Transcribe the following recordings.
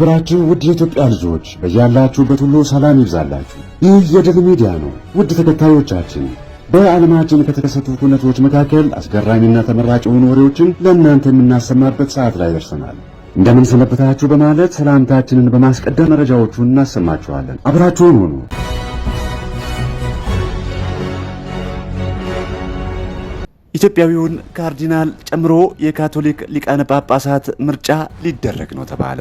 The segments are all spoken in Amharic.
የተከበራችሁ ውድ የኢትዮጵያ ልጆች በያላችሁበት ሁሉ ሰላም ይብዛላችሁ። ይህ የድል ሚዲያ ነው። ውድ ተከታዮቻችን በዓለማችን ከተከሰቱ ሁነቶች መካከል አስገራሚና ተመራጭ የሆኑ ወሬዎችን ለእናንተ የምናሰማበት ሰዓት ላይ ደርሰናል። እንደምን ሰነበታችሁ በማለት ሰላምታችንን በማስቀደም መረጃዎቹን እናሰማችኋለን። አብራችሁን ሁኑ። ኢትዮጵያዊውን ካርዲናል ጨምሮ የካቶሊክ ሊቃነ ጳጳሳት ምርጫ ሊደረግ ነው ተባለ።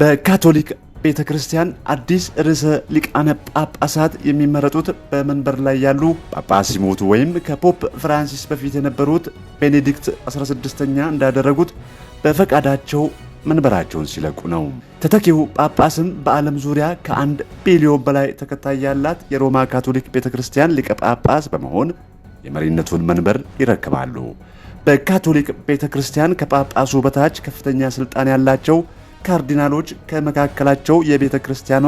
በካቶሊክ ቤተ ክርስቲያን አዲስ ርዕሰ ሊቃነ ጳጳሳት የሚመረጡት በመንበር ላይ ያሉ ጳጳስ ሲሞቱ ወይም ከፖፕ ፍራንሲስ በፊት የነበሩት ቤኔዲክት 16ኛ እንዳደረጉት በፈቃዳቸው መንበራቸውን ሲለቁ ነው። ተተኪው ጳጳስም በዓለም ዙሪያ ከአንድ ቢሊዮን በላይ ተከታይ ያላት የሮማ ካቶሊክ ቤተ ክርስቲያን ሊቀ ጳጳስ በመሆን የመሪነቱን መንበር ይረክባሉ። በካቶሊክ ቤተ ክርስቲያን ከጳጳሱ በታች ከፍተኛ ሥልጣን ያላቸው ካርዲናሎች ከመካከላቸው የቤተ ክርስቲያኗ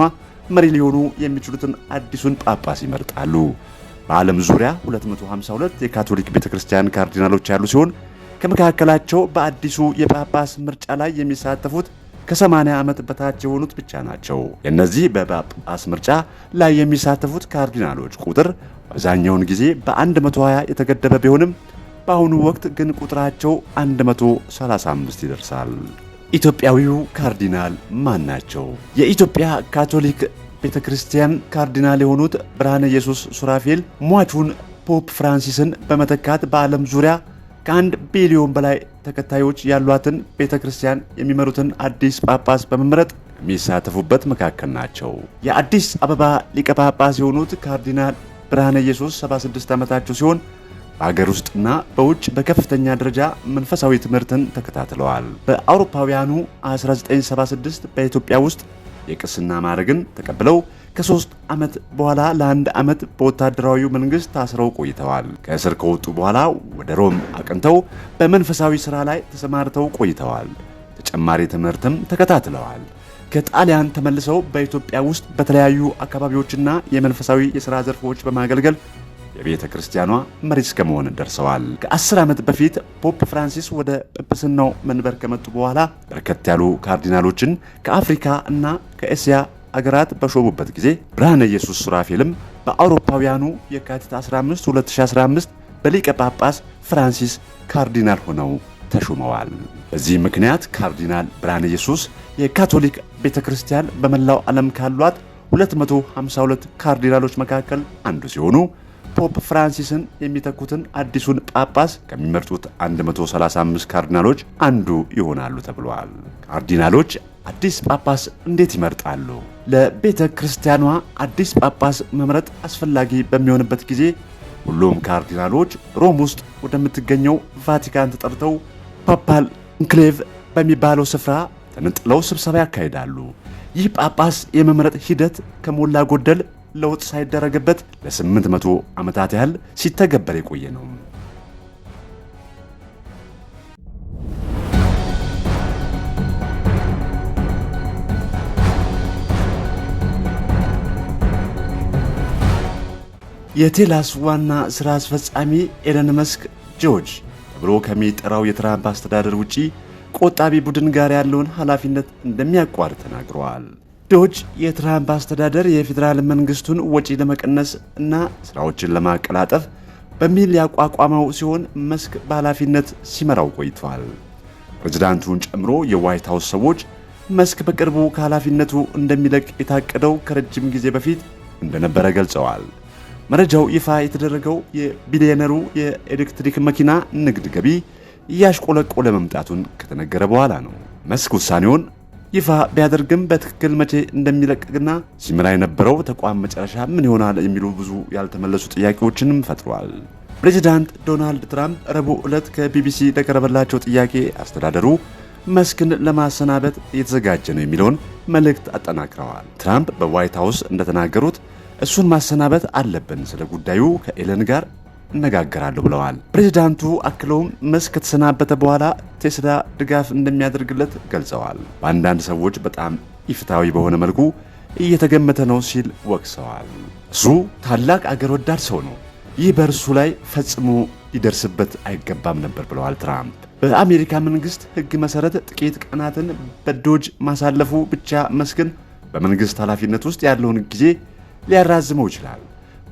መሪ ሊሆኑ የሚችሉትን አዲሱን ጳጳስ ይመርጣሉ። በዓለም ዙሪያ 252 የካቶሊክ ቤተ ክርስቲያን ካርዲናሎች ያሉ ሲሆን ከመካከላቸው በአዲሱ የጳጳስ ምርጫ ላይ የሚሳተፉት ከ80 ዓመት በታች የሆኑት ብቻ ናቸው። የእነዚህ በጳጳስ ምርጫ ላይ የሚሳተፉት ካርዲናሎች ቁጥር አብዛኛውን ጊዜ በ120 የተገደበ ቢሆንም በአሁኑ ወቅት ግን ቁጥራቸው 135 ይደርሳል። ኢትዮጵያዊው ካርዲናል ማን ናቸው? የኢትዮጵያ ካቶሊክ ቤተ ክርስቲያን ካርዲናል የሆኑት ብርሃነ ኢየሱስ ሱራፌል ሟቹን ፖፕ ፍራንሲስን በመተካት በዓለም ዙሪያ ከአንድ ቢሊዮን በላይ ተከታዮች ያሏትን ቤተ ክርስቲያን የሚመሩትን አዲስ ጳጳስ በመምረጥ የሚሳተፉበት መካከል ናቸው። የአዲስ አበባ ሊቀ ጳጳስ የሆኑት ካርዲናል ብርሃነ ኢየሱስ 76 ዓመታቸው ሲሆን በአገር ውስጥና በውጭ በከፍተኛ ደረጃ መንፈሳዊ ትምህርትን ተከታትለዋል። በአውሮፓውያኑ 1976 በኢትዮጵያ ውስጥ የቅስና ማዕረግን ተቀብለው ከሶስት ዓመት በኋላ ለአንድ ዓመት በወታደራዊ መንግሥት ታስረው ቆይተዋል። ከእስር ከወጡ በኋላ ወደ ሮም አቅንተው በመንፈሳዊ ሥራ ላይ ተሰማርተው ቆይተዋል። ተጨማሪ ትምህርትም ተከታትለዋል። ከጣሊያን ተመልሰው በኢትዮጵያ ውስጥ በተለያዩ አካባቢዎችና የመንፈሳዊ የሥራ ዘርፎች በማገልገል የቤተ ክርስቲያኗ መሪ እስከ መሆን ደርሰዋል። ከአስር ዓመት በፊት ፖፕ ፍራንሲስ ወደ ጵጵስናው መንበር ከመጡ በኋላ በርከት ያሉ ካርዲናሎችን ከአፍሪካ እና ከእስያ አገራት በሾሙበት ጊዜ ብርሃነ ኢየሱስ ሱራፌልም በአውሮፓውያኑ የካቲት 15 2015 በሊቀ ጳጳስ ፍራንሲስ ካርዲናል ሆነው ተሹመዋል። በዚህ ምክንያት ካርዲናል ብርሃነ ኢየሱስ የካቶሊክ ቤተ ክርስቲያን በመላው ዓለም ካሏት 252 ካርዲናሎች መካከል አንዱ ሲሆኑ ፖፕ ፍራንሲስን የሚተኩትን አዲሱን ጳጳስ ከሚመርጡት 135 ካርዲናሎች አንዱ ይሆናሉ ተብሏል። ካርዲናሎች አዲስ ጳጳስ እንዴት ይመርጣሉ? ለቤተ ክርስቲያኗ አዲስ ጳጳስ መምረጥ አስፈላጊ በሚሆንበት ጊዜ ሁሉም ካርዲናሎች ሮም ውስጥ ወደምትገኘው ቫቲካን ተጠርተው ፓፓል እንክሌቭ በሚባለው ስፍራ ተነጥለው ስብሰባ ያካሂዳሉ። ይህ ጳጳስ የመምረጥ ሂደት ከሞላ ጎደል ለውጥ ሳይደረግበት ለስምንት መቶ ዓመታት ያህል ሲተገበር የቆየ ነው። የቴላስ ዋና ሥራ አስፈጻሚ ኤለን መስክ ጆርጅ ብሎ ከሚጠራው የትራምፕ አስተዳደር ውጪ ቆጣቢ ቡድን ጋር ያለውን ኃላፊነት እንደሚያቋርጥ ተናግረዋል። ዶጅ የትራምፕ አስተዳደር የፌዴራል መንግስቱን ወጪ ለመቀነስ እና ስራዎችን ለማቀላጠፍ በሚል ያቋቋመው ሲሆን መስክ በኃላፊነት ሲመራው ቆይቷል። ፕሬዚዳንቱን ጨምሮ የዋይት ሀውስ ሰዎች መስክ በቅርቡ ከኃላፊነቱ እንደሚለቅ የታቀደው ከረጅም ጊዜ በፊት እንደነበረ ገልጸዋል። መረጃው ይፋ የተደረገው የቢሊዮነሩ የኤሌክትሪክ መኪና ንግድ ገቢ እያሽቆለቆለ መምጣቱን ከተነገረ በኋላ ነው። መስክ ውሳኔውን ይፋ ቢያደርግም በትክክል መቼ እንደሚለቅቅና ሲመራ የነበረው ተቋም መጨረሻ ምን ይሆናል የሚሉ ብዙ ያልተመለሱ ጥያቄዎችንም ፈጥሯል። ፕሬዚዳንት ዶናልድ ትራምፕ ረቡዕ ዕለት ከቢቢሲ ለቀረበላቸው ጥያቄ አስተዳደሩ መስክን ለማሰናበት እየተዘጋጀ ነው የሚለውን መልእክት አጠናክረዋል። ትራምፕ በዋይት ሃውስ እንደተናገሩት እሱን ማሰናበት አለብን፣ ስለ ጉዳዩ ከኤለን ጋር እነጋገራለሁ ብለዋል። ፕሬዚዳንቱ አክለውም መስክ ከተሰናበተ በኋላ ቴስላ ድጋፍ እንደሚያደርግለት ገልጸዋል። በአንዳንድ ሰዎች በጣም ኢፍትሐዊ በሆነ መልኩ እየተገመተ ነው ሲል ወቅሰዋል። እሱ ታላቅ አገር ወዳድ ሰው ነው። ይህ በእርሱ ላይ ፈጽሞ ሊደርስበት አይገባም ነበር ብለዋል ትራምፕ። በአሜሪካ መንግስት ሕግ መሰረት ጥቂት ቀናትን በዶጅ ማሳለፉ ብቻ መስክን በመንግስት ኃላፊነት ውስጥ ያለውን ጊዜ ሊያራዝመው ይችላል።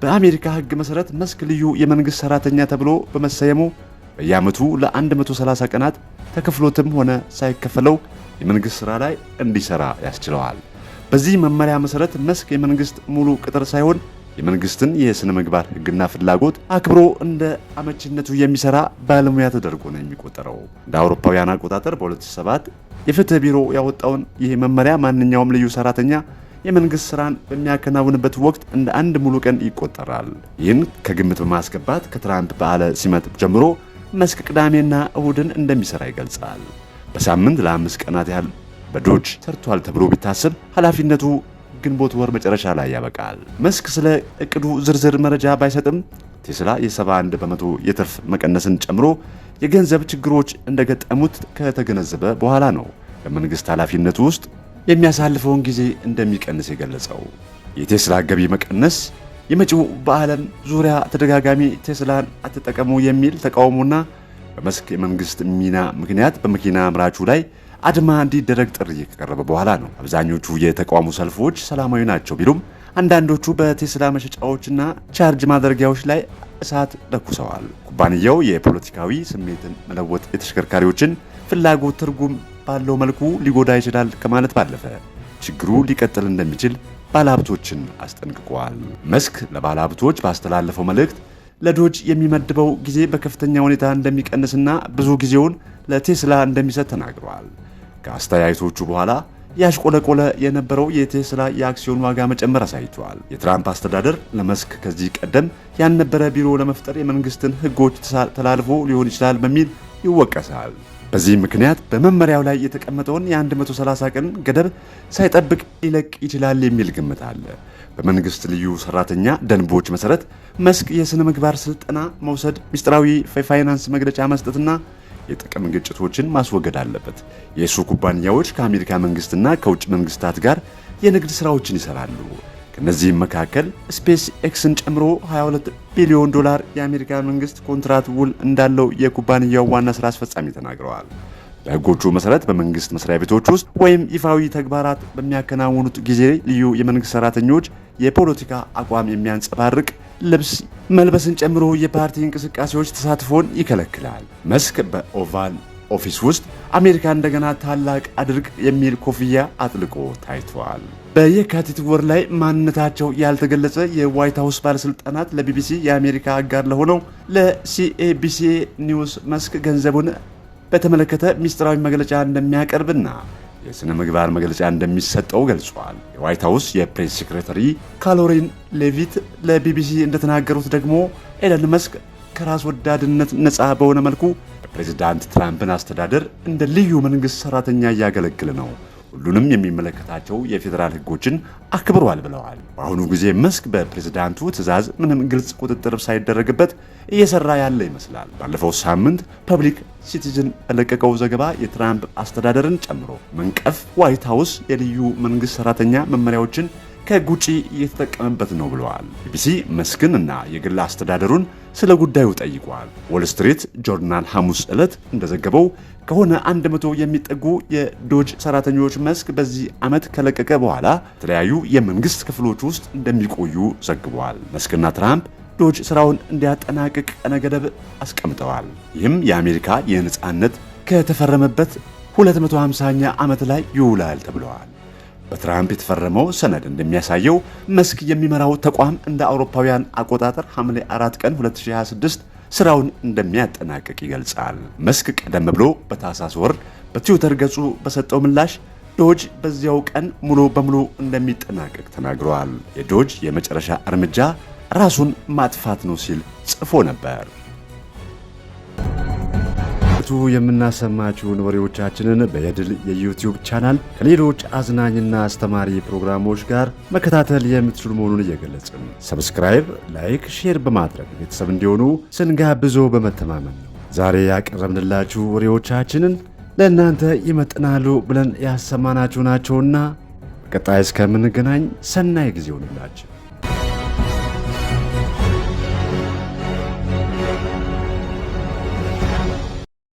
በአሜሪካ ሕግ መሠረት መስክ ልዩ የመንግሥት ሠራተኛ ተብሎ በመሰየሙ በየዓመቱ ለ130 ቀናት ተከፍሎትም ሆነ ሳይከፈለው የመንግሥት ሥራ ላይ እንዲሠራ ያስችለዋል። በዚህ መመሪያ መሠረት መስክ የመንግሥት ሙሉ ቅጥር ሳይሆን የመንግስትን የሥነ ምግባር ሕግና ፍላጎት አክብሮ እንደ አመችነቱ የሚሠራ ባለሙያ ተደርጎ ነው የሚቆጠረው። እንደ አውሮፓውያን አቆጣጠር በ2007 የፍትሕ ቢሮ ያወጣውን ይህ መመሪያ ማንኛውም ልዩ ሠራተኛ የመንግስት ስራን በሚያከናውንበት ወቅት እንደ አንድ ሙሉ ቀን ይቆጠራል። ይህን ከግምት በማስገባት ከትራምፕ በዓለ ሲመት ጀምሮ መስክ ቅዳሜና እሁድን እንደሚሰራ ይገልጻል። በሳምንት ለአምስት ቀናት ያህል በዶጅ ሰርቷል ተብሎ ቢታሰብ ኃላፊነቱ ግንቦት ወር መጨረሻ ላይ ያበቃል። መስክ ስለ እቅዱ ዝርዝር መረጃ ባይሰጥም ቴስላ የ71 በመቶ የትርፍ መቀነስን ጨምሮ የገንዘብ ችግሮች እንደገጠሙት ከተገነዘበ በኋላ ነው በመንግስት ኃላፊነቱ ውስጥ የሚያሳልፈውን ጊዜ እንደሚቀንስ የገለጸው የቴስላ ገቢ መቀነስ የመጪው በዓለም ዙሪያ ተደጋጋሚ ቴስላን አትጠቀሙ የሚል ተቃውሞና በመስክ የመንግስት ሚና ምክንያት በመኪና አምራቹ ላይ አድማ እንዲደረግ ጥሪ ከቀረበ በኋላ ነው። አብዛኞቹ የተቃውሞ ሰልፎች ሰላማዊ ናቸው ቢሉም አንዳንዶቹ በቴስላ መሸጫዎችና ቻርጅ ማድረጊያዎች ላይ እሳት ለኩሰዋል። ኩባንያው የፖለቲካዊ ስሜትን መለወጥ የተሽከርካሪዎችን ፍላጎት ትርጉም ባለው መልኩ ሊጎዳ ይችላል ከማለት ባለፈ ችግሩ ሊቀጥል እንደሚችል ባለሀብቶችን አስጠንቅቋል። መስክ ለባለሀብቶች ባስተላለፈው መልእክት ለዶጅ የሚመድበው ጊዜ በከፍተኛ ሁኔታ እንደሚቀንስና ብዙ ጊዜውን ለቴስላ እንደሚሰጥ ተናግረዋል። ከአስተያየቶቹ በኋላ ያሽቆለቆለ የነበረው የቴስላ የአክሲዮን ዋጋ መጨመር አሳይቷል። የትራምፕ አስተዳደር ለመስክ ከዚህ ቀደም ያልነበረ ቢሮ ለመፍጠር የመንግስትን ህጎች ተላልፎ ሊሆን ይችላል በሚል ይወቀሳል። በዚህ ምክንያት በመመሪያው ላይ የተቀመጠውን የ130 ቀን ገደብ ሳይጠብቅ ሊለቅ ይችላል የሚል ግምት አለ። በመንግስት ልዩ ሰራተኛ ደንቦች መሰረት መስክ የሥነ ምግባር ስልጠና መውሰድ፣ ሚስጥራዊ የፋይናንስ መግለጫ መስጠትና የጥቅም ግጭቶችን ማስወገድ አለበት። የእሱ ኩባንያዎች ከአሜሪካ መንግስትና ከውጭ መንግስታት ጋር የንግድ ሥራዎችን ይሰራሉ። ከእነዚህም መካከል ስፔስ ኤክስን ጨምሮ 22 ቢሊዮን ዶላር የአሜሪካ መንግስት ኮንትራት ውል እንዳለው የኩባንያው ዋና ስራ አስፈጻሚ ተናግረዋል። በህጎቹ መሰረት በመንግስት መስሪያ ቤቶች ውስጥ ወይም ይፋዊ ተግባራት በሚያከናውኑት ጊዜ ልዩ የመንግስት ሰራተኞች የፖለቲካ አቋም የሚያንጸባርቅ ልብስ መልበስን ጨምሮ የፓርቲ እንቅስቃሴዎች ተሳትፎን ይከለክላል። መስክ በኦቫል ኦፊስ ውስጥ አሜሪካ እንደገና ታላቅ አድርግ የሚል ኮፍያ አጥልቆ ታይቷል። በየካቲት ወር ላይ ማንነታቸው ያልተገለጸ የዋይት ሀውስ ባለሥልጣናት ለቢቢሲ የአሜሪካ አጋር ለሆነው ለሲኤቢሲ ኒውስ መስክ ገንዘቡን በተመለከተ ሚስጥራዊ መግለጫ እንደሚያቀርብና የሥነ ምግባር መግለጫ እንደሚሰጠው ገልጿል። የዋይት ሀውስ የፕሬስ ሴክሬታሪ ካሎሪን ሌቪት ለቢቢሲ እንደተናገሩት ደግሞ ኤለን መስክ ከራስ ወዳድነት ነፃ በሆነ መልኩ የፕሬዝዳንት ትራምፕን አስተዳደር እንደ ልዩ መንግሥት ሠራተኛ እያገለግል ነው፣ ሁሉንም የሚመለከታቸው የፌዴራል ሕጎችን አክብሯል ብለዋል። በአሁኑ ጊዜ መስክ በፕሬዝዳንቱ ትዕዛዝ ምንም ግልጽ ቁጥጥር ሳይደረግበት እየሰራ ያለ ይመስላል። ባለፈው ሳምንት ፐብሊክ ሲቲዝን በለቀቀው ዘገባ የትራምፕ አስተዳደርን ጨምሮ መንቀፍ ዋይት ሀውስ የልዩ መንግሥት ሠራተኛ መመሪያዎችን ከጉጪ እየተጠቀመበት ነው ብለዋል። ቢቢሲ መስክንና የግል አስተዳደሩን ስለ ጉዳዩ ጠይቋል። ዎል ስትሪት ጆርናል ሐሙስ ዕለት እንደዘገበው ከሆነ 100 የሚጠጉ የዶጅ ሰራተኞች መስክ በዚህ ዓመት ከለቀቀ በኋላ የተለያዩ የመንግስት ክፍሎች ውስጥ እንደሚቆዩ ዘግቧል። መስክና ትራምፕ ዶጅ ስራውን እንዲያጠናቅቅ ቀነ ገደብ አስቀምጠዋል። ይህም የአሜሪካ የነፃነት ከተፈረመበት 250ኛ ዓመት ላይ ይውላል ተብለዋል። በትራምፕ የተፈረመው ሰነድ እንደሚያሳየው መስክ የሚመራው ተቋም እንደ አውሮፓውያን አቆጣጠር ሐምሌ 4 ቀን 2026 ስራውን እንደሚያጠናቅቅ ይገልጻል። መስክ ቀደም ብሎ በታህሳስ ወር በትዊተር ገጹ በሰጠው ምላሽ ዶጅ በዚያው ቀን ሙሉ በሙሉ እንደሚጠናቀቅ ተናግረዋል። የዶጅ የመጨረሻ እርምጃ ራሱን ማጥፋት ነው ሲል ጽፎ ነበር። በየዕለቱ የምናሰማችሁን ወሬዎቻችንን በየድል የዩቲዩብ ቻናል ከሌሎች አዝናኝና አስተማሪ ፕሮግራሞች ጋር መከታተል የምትችሉ መሆኑን እየገለጽን ሰብስክራይብ፣ ላይክ፣ ሼር በማድረግ ቤተሰብ እንዲሆኑ ስንጋብዞ በመተማመን ነው ዛሬ ያቀረብንላችሁ ወሬዎቻችንን ለእናንተ ይመጥናሉ ብለን ያሰማናችሁ ናቸውና በቀጣይ እስከምንገናኝ ሰናይ ጊዜ ሆንላችሁ።